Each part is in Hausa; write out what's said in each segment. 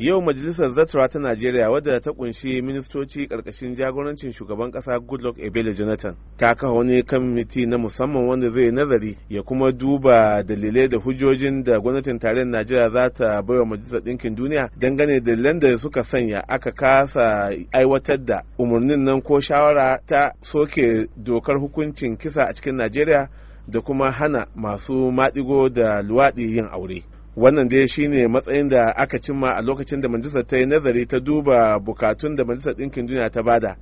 yau majalisar zatura ta najeriya wadda ta kunshi ministoci karkashin jagorancin shugaban kasa goodluck ebele jonathan ta kawo wani kamiti na musamman wanda zai nazari ya kuma duba dalilai da hujjojin da gwamnatin tarayyar najeriya za ta baiwa majalisar ɗinkin duniya dangane da da suka sanya aka kasa aiwatar da umarnin nan ko shawara ta soke dokar hukuncin kisa a cikin najeriya da kuma hana masu maɗigo da luwaɗi yin aure wannan dai shine matsayin da aka cimma a lokacin da majalisar ta yi nazari ta duba bukatun da majalisar ɗinkin duniya ta bada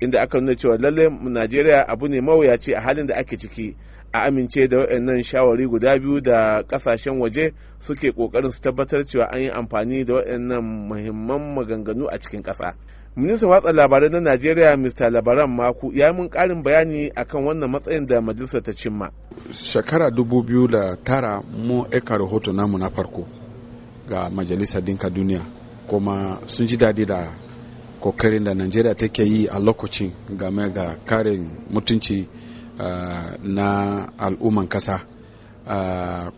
inda aka nuna cewa lallai najeriya abu ne mawuyaci a halin da ake ciki a amince da waɗannan shawari guda biyu da ƙasashen waje suke ƙoƙarin su tabbatar cewa an yi amfani da waɗannan muhimman maganganu a cikin ƙasa ministan watsa labarai na najeriya mr labaran maku ya yi mun ƙarin bayani akan wannan matsayin da majalisa ta cimma shekara tara mu aika rahoto namu na farko ga majalisar dinka duniya kuma sun ji daɗi da kokarin da najeriya take yi a lokacin game ga kare mutunci ah, na al'umman kasa ah,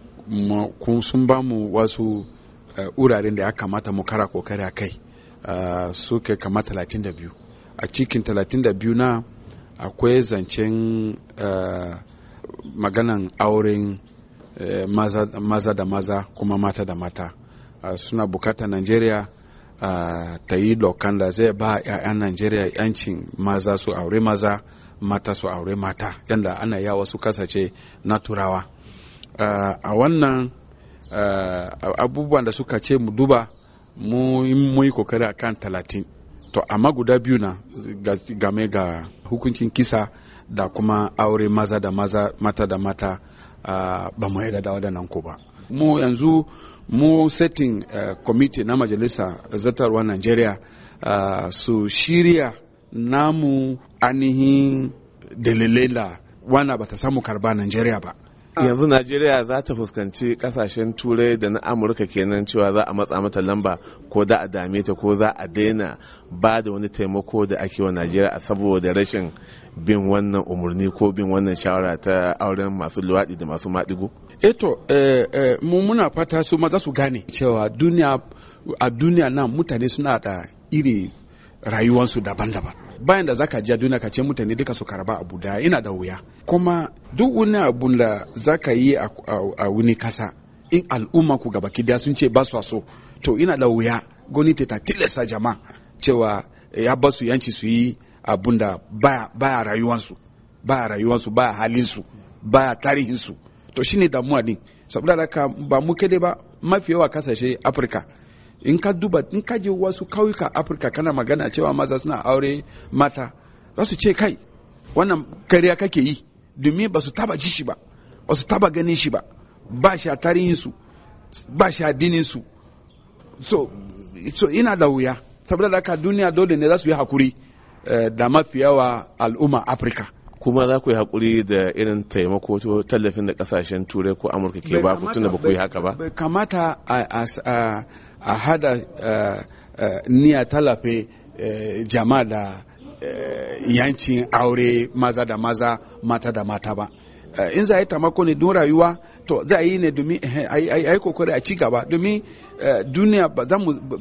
sun ba mu wasu eh, wuraren da ya kamata mu kara kokari a kai suke kama 32 a cikin 32 na akwai zancen eh, maganan auren eh, maza da maza kuma mata da mata ah, suna bukatar najeriya uh, ta yi dokan da zai ba 'ya'yan najeriya yancin maza su aure maza mata su aure mata yadda ana ya wasu kasace na turawa uh, a wannan abubuwan da suka ce mu duba mu yi kokari a kan talatin to amma guda biyu na game ga hukuncin kisa da kuma aure maza da maza mata da mata ba mu yarda da waɗannan ko ba mu yanzu mu setting uh, committee na majalisa zartarwa Najeriya uh, eh, su shirya namu ainihin dalilai da wana ba ta samu karba Najeriya ba Ah. yanzu najeriya za ta fuskanci kasashen turai da na amurka kenan cewa za a matsa mata lamba ko da a dame ta ko za a daina ba da wani taimako da ake wa najeriya saboda rashin bin wannan umarni ko bin wannan shawara ta auren masu luwaɗi da masu maɗigo eto eh eh, eh, mu muna fata su ma su gane cewa duniya a duniya nan mutane suna da iri rayuwansu daban-daban bayan da zaka ji duniya ka ce mutane duka su karba abu daya ina da wuya kuma duk wani abu da zaka yi a wani kasa in al'umma ku gaba kidiya sun ce ba su so to ina da wuya gwamnati ta tilasta jama'a cewa ya ba su yanci su yi abun da baya rayuwansu baya rayuwansu baya halinsu baya tarihinsu to shine damuwa ne saboda haka ba mu kede ba mafi yawa kasashe afirka in ka duba in ka je wasu kauyuka afirka kana magana cewa maza suna aure mata za su ce kai wannan kariya kake yi domin ba su taba ji shi ba ba su taba ganin shi ba ba shi a tarihinsu ba shi a dininsu so, so ina da wuya saboda haka duniya dole ne za su yi hakuri eh, da mafiyawa al'umma afirka kuma za ku yi haƙuri da irin taimako to tallafin da kasashen turai ko amurka ke ba ku tunda ba ku yi haka ba kamata a hada niyya tallafe e, jama'a da e, yancin aure maza da maza mata da mata ba e, in za a yi tamako ne don rayuwa to za a yi ne domin eh, a yi kokari a ci gaba domin duniya ba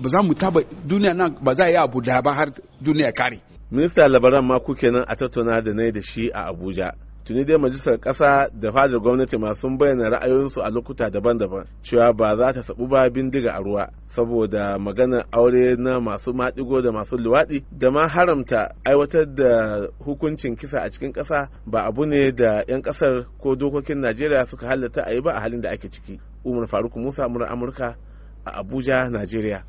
za mu taba duniya nan ba za a yi abu da ba har duniya kare minista labaran ma kuke nan a tattauna da na da shi a abuja tuni dai majalisar ƙasa da fadar gwamnati masu bayyana ra'ayoyinsu a lokuta daban-daban cewa ba za ta sabu ba bindiga a ruwa saboda maganar aure na masu maɗigo da masu luwaɗi da ma haramta aiwatar da hukuncin kisa a cikin ƙasa ba abu ne da 'yan kasar ko dokokin najeriya suka halatta a yi ba a halin da ake ciki umar faruk musa murar amurka a abuja najeriya